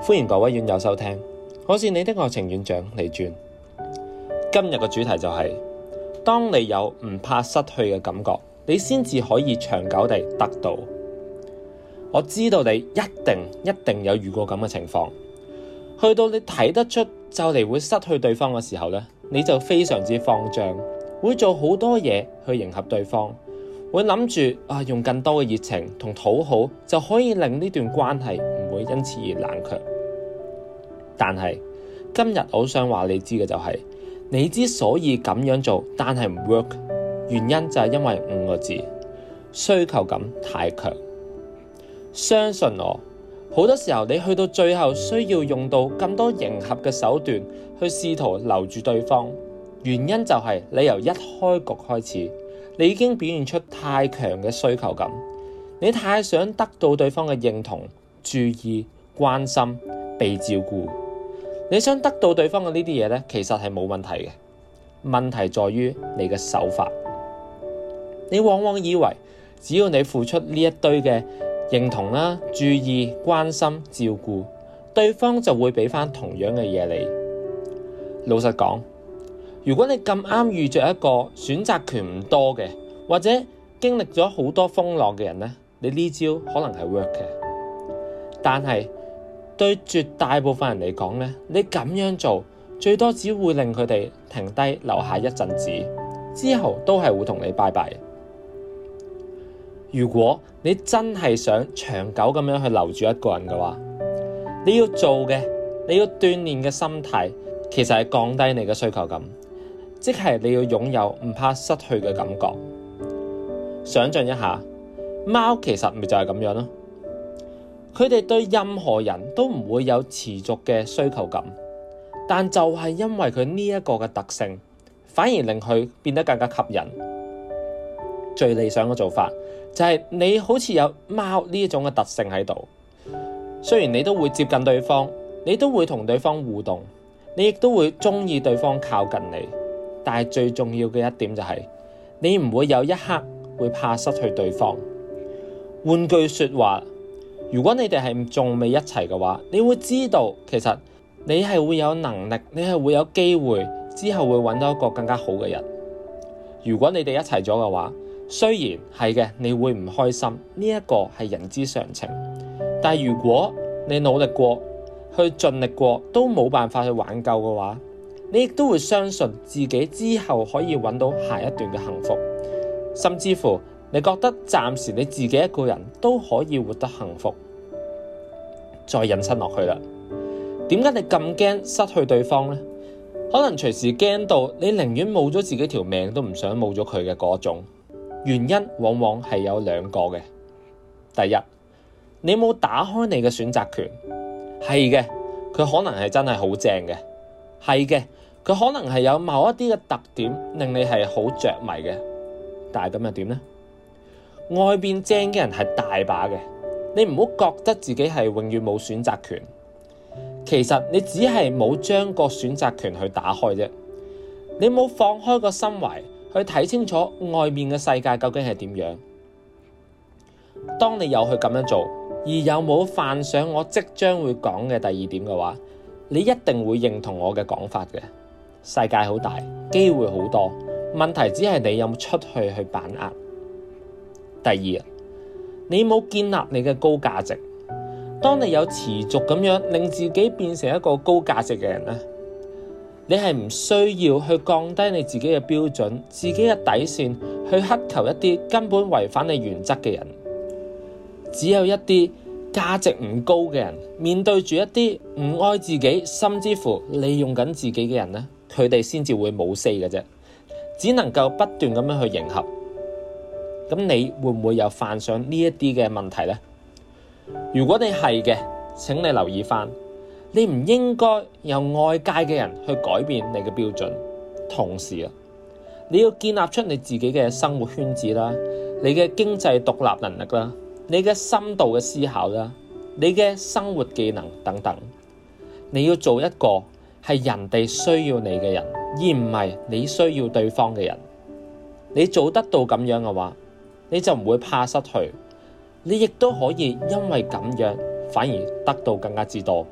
歡迎各位院友收聽，我是你的愛情院長李專。今日嘅主題就係、是：當你有唔怕失去嘅感覺，你先至可以長久地得到。我知道你一定一定有遇過咁嘅情況，去到你睇得出就嚟會失去對方嘅時候咧，你就非常之慌張，會做好多嘢去迎合對方，會諗住啊用更多嘅熱情同討好就可以令呢段關係。因此而冷卻，但係今日我想話你知嘅就係、是，你之所以咁樣做，但係唔 work，原因就係因為五個字，需求感太強。相信我，好多時候你去到最後，需要用到咁多迎合嘅手段去試圖留住對方，原因就係你由一開局開始，你已經表現出太強嘅需求感，你太想得到對方嘅認同。注意、關心、被照顧，你想得到對方嘅呢啲嘢呢，其實係冇問題嘅。問題在於你嘅手法。你往往以為只要你付出呢一堆嘅認同啦、注意、關心、照顧，對方就會俾翻同樣嘅嘢你。老實講，如果你咁啱遇着一個選擇權唔多嘅，或者經歷咗好多風浪嘅人呢，你呢招可能係 work 嘅。但係對絕大部分人嚟講咧，你咁樣做最多只會令佢哋停低留下一陣子，之後都係會同你拜拜。如果你真係想長久咁樣去留住一個人嘅話，你要做嘅，你要鍛煉嘅心態，其實係降低你嘅需求感，即係你要擁有唔怕失去嘅感覺。想象一下，貓其實咪就係咁樣咯。佢哋對任何人都唔會有持續嘅需求感，但就係因為佢呢一個嘅特性，反而令佢變得更加吸引。最理想嘅做法就係你好似有貓呢一種嘅特性喺度，雖然你都會接近對方，你都會同對方互動，你亦都會中意對方靠近你，但係最重要嘅一點就係你唔會有一刻會怕失去對方。換句說話。如果你哋係仲未一齊嘅話，你會知道其實你係會有能力，你係會有機會之後會揾到一個更加好嘅人。如果你哋一齊咗嘅話，雖然係嘅，你會唔開心，呢一個係人之常情。但如果你努力過去盡力過都冇辦法去挽救嘅話，你亦都會相信自己之後可以揾到下一段嘅幸福，甚至乎。你覺得暫時你自己一個人都可以活得幸福，再引伸落去啦。點解你咁驚失去對方咧？可能隨時驚到你，寧願冇咗自己條命都唔想冇咗佢嘅嗰種原因，往往係有兩個嘅。第一，你冇打開你嘅選擇權。係嘅，佢可能係真係好正嘅。係嘅，佢可能係有某一啲嘅特點令你係好着迷嘅。但係咁又點咧？外面精嘅人係大把嘅，你唔好覺得自己係永遠冇選擇權，其實你只係冇將個選擇權去打開啫，你冇放開個心懷去睇清楚外面嘅世界究竟係點樣。當你有去咁樣做，而又冇犯上我即將會講嘅第二點嘅話，你一定會認同我嘅講法嘅。世界好大，機會好多，問題只係你有冇出去去把握。第二，你冇建立你嘅高價值。當你有持續咁樣令自己變成一個高價值嘅人咧，你係唔需要去降低你自己嘅標準、自己嘅底線，去乞求一啲根本違反你原則嘅人。只有一啲價值唔高嘅人，面對住一啲唔愛自己，甚至乎利用緊自己嘅人咧，佢哋先至會冇四嘅啫，只能夠不斷咁樣去迎合。咁你會唔會又犯上呢一啲嘅問題咧？如果你係嘅，請你留意翻，你唔應該由外界嘅人去改變你嘅標準。同時啊，你要建立出你自己嘅生活圈子啦，你嘅經濟獨立能力啦，你嘅深度嘅思考啦，你嘅生活技能等等，你要做一個係人哋需要你嘅人，而唔係你需要對方嘅人。你做得到咁樣嘅話，你就唔會怕失去，你亦都可以因為咁樣反而得到更加之多。